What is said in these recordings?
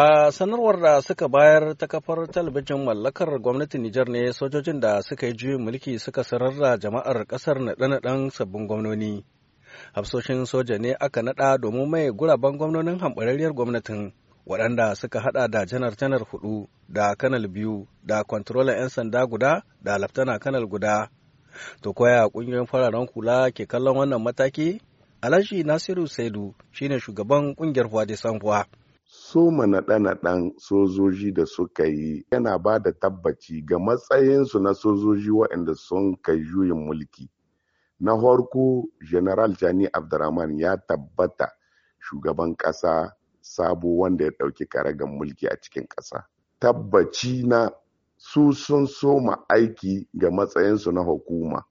A sanarwar da suka bayar ta kafar talabijin mallakar gwamnatin Nijar ne sojojin da suka yi juyin mulki suka sanar da jama'ar kasar naɗe-naɗen sabbin gwamnoni. Hafsoshin soja ne aka naɗa domin mai guraben gwamnonin hamɓararriyar gwamnatin waɗanda suka haɗa da janar-janar hudu da kanal biyu da kwantarola 'yan sanda guda da laftana kanal guda. To koya ƙungiyoyin fararen kula ke kallon wannan mataki? Alhaji Nasiru Saidu shine shugaban ƙungiyar Fwade soma naɗe-naɗen sojoji da suka yi yana ba da tabbaci ga matsayinsu na sojoji waɗanda sun kai juyin mulki. Na farko, General Jani Abdurrahman ya tabbata shugaban ƙasa sabo wanda ya ɗauki karagan mulki a cikin ƙasa. Tabbaci na su sun soma aiki ga matsayinsu na hukuma.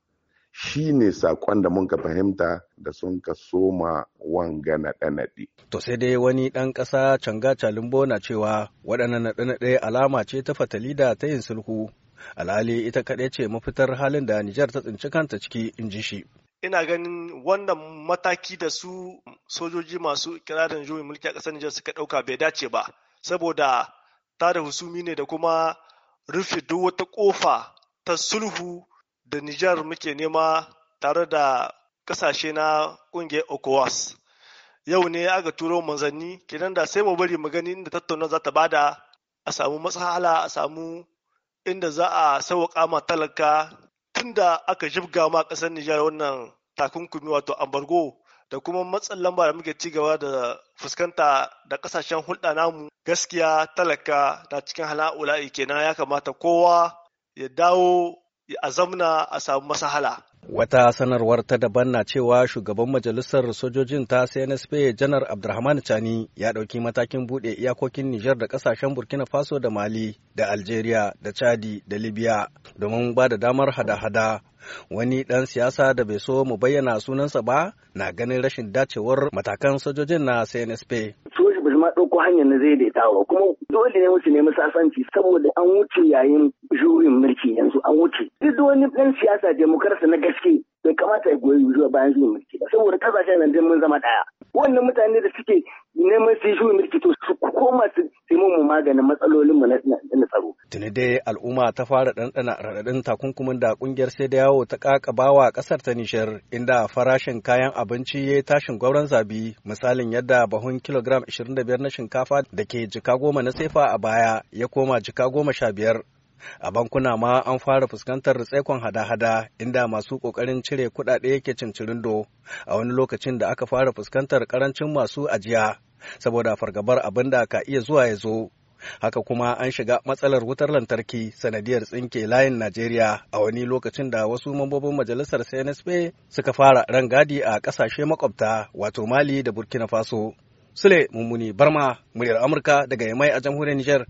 shi ne sakon da munka fahimta da sun ka soma wanga naɗe-naɗe. To sai dai wani ɗan ƙasa Canga Calimbo na cewa waɗannan naɗe-naɗe alama ce ta fatali da ta yin sulhu. Alhali ita kaɗai ce mafitar halin da Nijar ta tsinci kanta ciki in ji shi. ina ganin wannan mataki da su sojoji masu kirarin juyin mulki a ƙasar Nijar suka ɗauka bai dace ba saboda ta da husumi ne da kuma rufe duk wata ƙofa ta sulhu da Nijar muke nema tare da kasashe na kungiyar ECOWAS. Yau ne aka turo manzanni, kenan da sai mu bari mu gani inda tattauna za ta bada a samu matsala a samu inda za a sauwaƙa ma talaka tunda aka jibga ma ƙasar Nijar wannan takunkumi wato ambargo da kuma matsin lamba da muke ci gaba da fuskanta da kasashen hulɗa namu gaskiya talaka na cikin hala'ula'i kenan ya kamata kowa ya dawo a zamna a samu masahala. Wata sanarwar ta daban na cewa shugaban majalisar sojojin ta CNSP janar Abdurrahman Chani ya ɗauki matakin buɗe iyakokin Nijar da ƙasashen Burkina Faso da Mali da Algeria da Chadi da Libya domin ba da damar hada-hada. Wani ɗan siyasa da bai so mu bayyana sunansa ba na ganin rashin dacewar matakan sojojin na CNSP. ba ma ɗauko hanyar na daidaitawa kuma dole ne musu nemi sasanci saboda an wuce yayin juyin mulki yanzu an wuce duk wani ɗan siyasa demokarasa na gaske bai kamata ya goyi zuwa bayan juyin mulki ba saboda kasashen nan mun zama ɗaya wannan mutane da suke neman su yi shi mulki to su koma su mu maganin matsalolinmu na tsaro. Tuni dai al'umma ta fara ɗanɗana raɗaɗin takunkumin da ƙungiyar sai da yawo ta ƙaƙabawa ƙasar ta Nishar inda farashin kayan abinci ya yi tashin gwauron zabi misalin yadda bahun kilogram 25 na shinkafa da ke jika goma na sefa a baya ya koma jika goma sha biyar a bankuna ma an fara fuskantar tsaikon hada-hada inda masu kokarin cire kudade ke cincirindo a wani lokacin da aka fara fuskantar karancin masu ajiya saboda fargabar abin da ka iya zuwa ya zo haka kuma an shiga matsalar wutar lantarki sanadiyar tsinke layin najeriya a wani lokacin da wasu mambobin majalisar cnsp suka fara rangadi a kasashe makwabta wato mali da burkina faso sule mummuni barma muryar amurka daga yamai a jamhuriyar niger